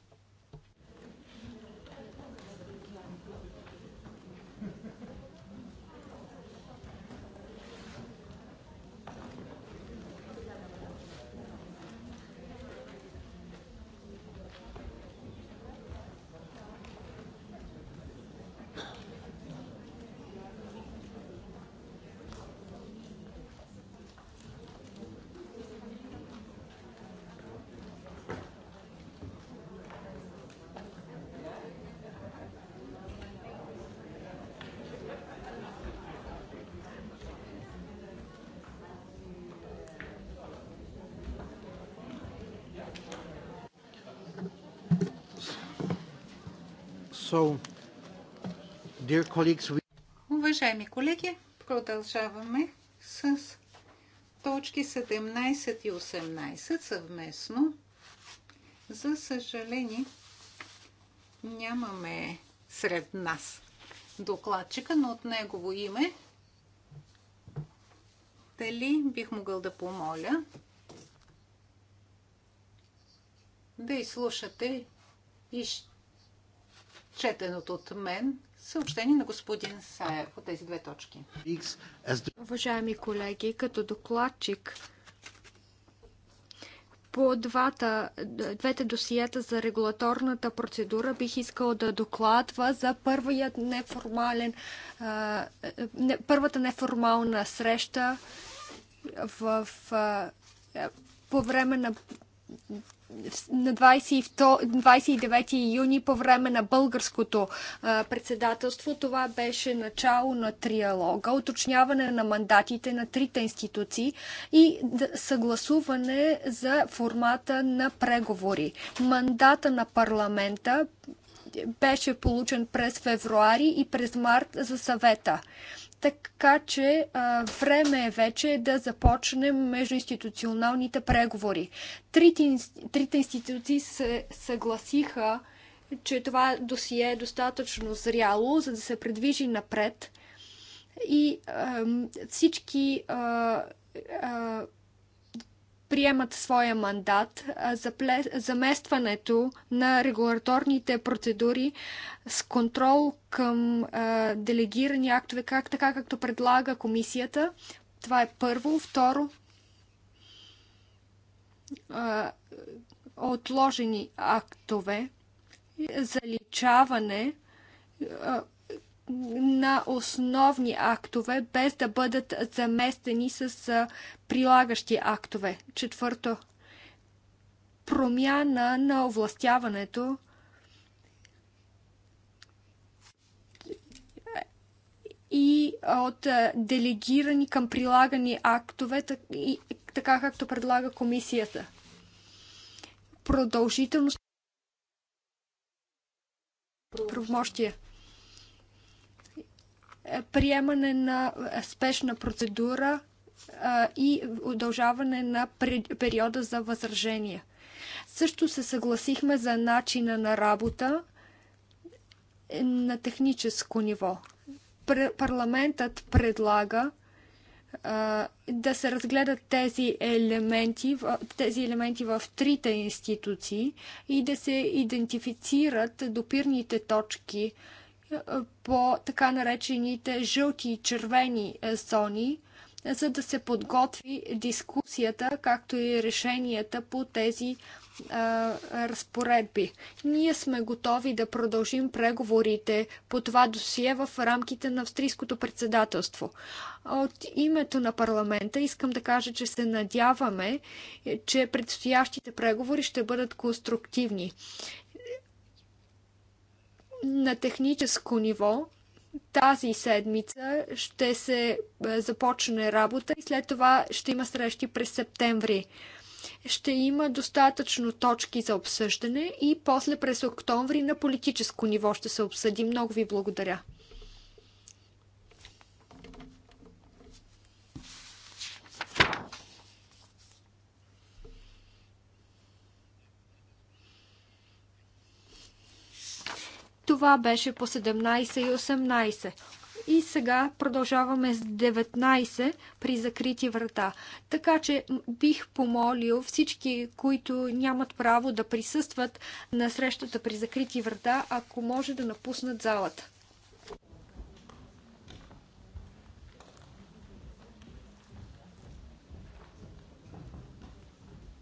Уважаеми колеги, продължаваме с точки 17 и 18 съвместно. За съжаление, нямаме сред нас докладчика, но от негово име дали бих могъл да помоля да изслушате ще четеното от мен съобщение на господин Саев по тези две точки. Уважаеми колеги, като докладчик по двата, двете досиета за регулаторната процедура бих искала да докладва за първият неформален, първата неформална среща в, в, по време на на 22, 29 юни по време на българското а, председателство. Това беше начало на триалога, уточняване на мандатите на трите институции и съгласуване за формата на преговори. Мандата на парламента беше получен през февруари и през март за съвета. Така че а, време е вече да започнем междуинституционалните преговори. Трите, трите институции се съгласиха, че това досие е достатъчно зряло, за да се предвижи напред. И а, всички а, а, приемат своя мандат, заместването на регулаторните процедури с контрол към делегирани актове, как така както предлага комисията. Това е първо. Второ, отложени актове, заличаване, на основни актове, без да бъдат заместени с прилагащи актове. Четвърто, промяна на овластяването и от делегирани към прилагани актове, така както предлага комисията. Продължителност правомощия приемане на е, спешна процедура е, и удължаване на периода за възражение. Също се съгласихме за начина на работа е, на техническо ниво. Парламентът предлага да се разгледат тези елементи, тези елементи в трите институции и да се идентифицират допирните точки – по така наречените жълти и червени е, зони, за да се подготви дискусията, както и решенията по тези а, е, разпоредби. Ние сме готови да продължим преговорите по това досие в рамките на австрийското председателство. От името на парламента искам да кажа, че се надяваме, че предстоящите преговори ще бъдат конструктивни на техническо ниво тази седмица ще се е, започне работа и след това ще има срещи през септември. Ще има достатъчно точки за обсъждане и после през октомври на политическо ниво ще се обсъди. Много ви благодаря. Това беше по 17 и 18. И сега продължаваме с 19 при закрити врата. Така че бих помолил всички, които нямат право да присъстват на срещата при закрити врата, ако може да напуснат залата.